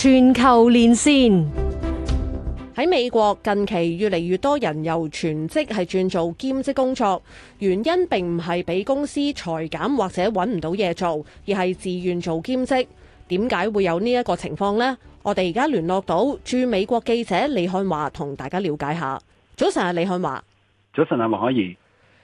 全球連線，喺美國，近期越嚟越多人由全職係轉做兼職工作，原因並唔係俾公司裁減或者揾唔到嘢做，而係自願做兼職。點解會有呢一個情況呢？我哋而家聯絡到駐美國記者李漢華，同大家了解一下。早晨啊，李漢華。早晨啊，黃凱宜。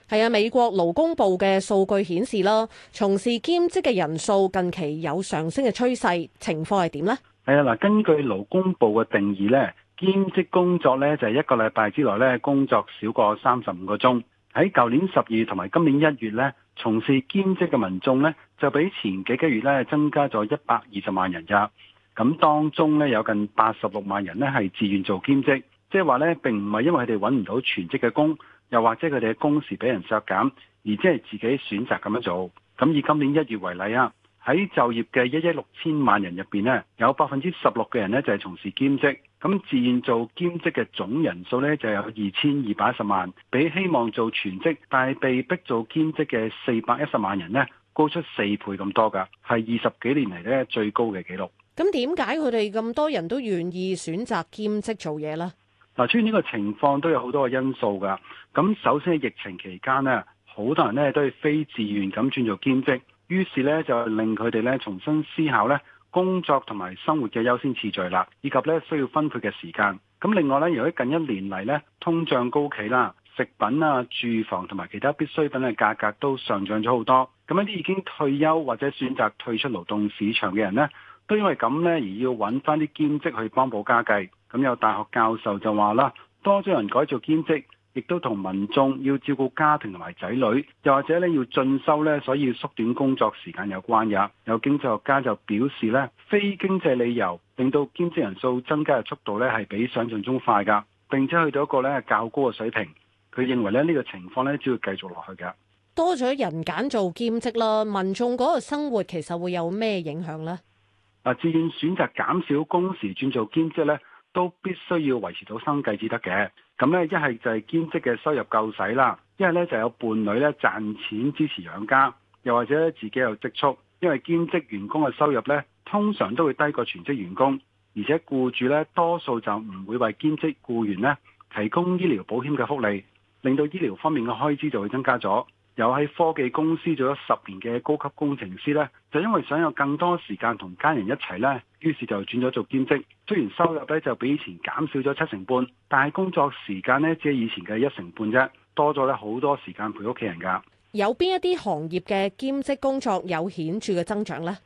係啊，美國勞工部嘅數據顯示啦，從事兼職嘅人數近期有上升嘅趨勢，情況係點呢？係啊，嗱，根據勞工部嘅定義咧，兼職工作咧就係一個禮拜之內咧工作少過三十五個鐘。喺舊年十二同埋今年一月咧，從事兼職嘅民眾咧就比前幾個月咧增加咗一百二十萬人咋。咁當中咧有近八十六萬人咧係自願做兼職，即係話咧並唔係因為佢哋揾唔到全職嘅工，又或者佢哋嘅工時俾人削減，而即係自己選擇咁樣做。咁以今年一月為例啊。喺就業嘅一億六千萬人入邊呢，有百分之十六嘅人呢就係從事兼職，咁自願做兼職嘅總人數呢就有二千二百一十萬，比希望做全職但係被逼做兼職嘅四百一十萬人呢高出四倍咁多噶，係二十幾年嚟呢最高嘅記錄。咁點解佢哋咁多人都願意選擇兼職做嘢呢？嗱，出現呢個情況都有好多個因素㗎。咁首先喺疫情期間呢，好多人呢都係非自願咁轉做兼職。於是咧就令佢哋咧重新思考咧工作同埋生活嘅優先次序啦，以及咧需要分配嘅時間。咁另外咧，由於近一年嚟咧通脹高企啦，食品啊、住房同埋其他必需品嘅價格都上漲咗好多。咁一啲已經退休或者選擇退出勞動市場嘅人呢，都因為咁呢而要揾翻啲兼職去幫補家計。咁有大學教授就話啦，多咗人改做兼職。亦都同民眾要照顧家庭同埋仔女，又或者咧要進修咧，所以要縮短工作時間有關嘅。有經濟學家就表示咧，非經濟理由令到兼職人數增加嘅速度咧，係比想象中快噶，並且去到一個咧較高嘅水平。佢認為咧呢個情況咧，只要繼續落去嘅，多咗人揀做兼職啦。民眾嗰個生活其實會有咩影響呢？啊，自願選擇減少工時轉做兼職咧，都必須要維持到生計至得嘅，咁呢一係就係兼職嘅收入夠使啦，一係呢就有伴侶呢賺錢支持養家，又或者自己有積蓄，因為兼職員工嘅收入呢通常都會低過全職員工，而且僱主呢多數就唔會為兼職僱員呢提供醫療保險嘅福利，令到醫療方面嘅開支就會增加咗。有喺科技公司做咗十年嘅高級工程師呢，就因為想有更多時間同家人一齊呢，於是就轉咗做兼職。雖然收入呢就比以前減少咗七成半，但係工作時間呢，即係以前嘅一成半啫，多咗咧好多時間陪屋企人噶。有邊一啲行業嘅兼職工作有顯著嘅增長呢？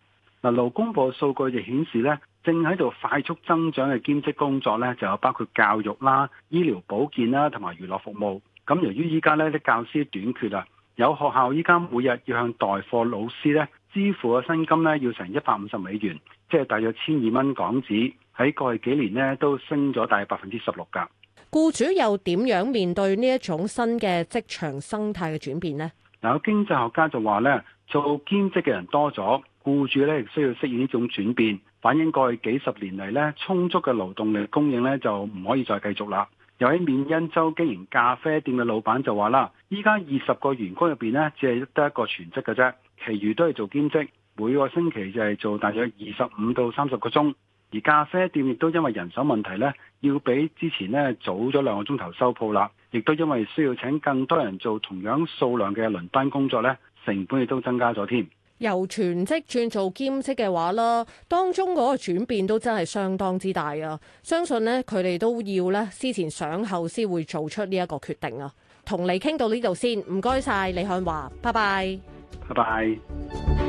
嗱，勞工部數據亦顯示呢，正喺度快速增長嘅兼職工作呢，就有包括教育啦、醫療保健啦同埋娛樂服務。咁由於依家呢啲教師短缺啊。有學校依家每日要向代課老師咧支付嘅薪金咧，要成一百五十美元，即係大約千二蚊港紙。喺過去幾年咧，都升咗大約百分之十六㗎。僱主又點樣面對呢一種新嘅職場生態嘅轉變呢？嗱，經濟學家就話咧，做兼職嘅人多咗，僱主咧亦需要適應呢種轉變，反映過去幾十年嚟咧充足嘅勞動力供應咧就唔可以再繼續啦。又喺緬因州經營咖啡店嘅老闆就話啦，依家二十個員工入面呢，只係得一個全職嘅啫，其餘都係做兼職。每個星期就係做大約二十五到三十個鐘。而咖啡店亦都因為人手問題呢，要比之前呢早咗兩個鐘頭收鋪啦，亦都因為需要請更多人做同樣數量嘅輪班工作呢，成本亦都增加咗添。由全職轉做兼職嘅話啦，當中嗰個轉變都真係相當之大啊！相信呢，佢哋都要呢，思前想後先會做出呢一個決定啊！同你傾到呢度先，唔該晒。李漢華，拜拜，拜拜。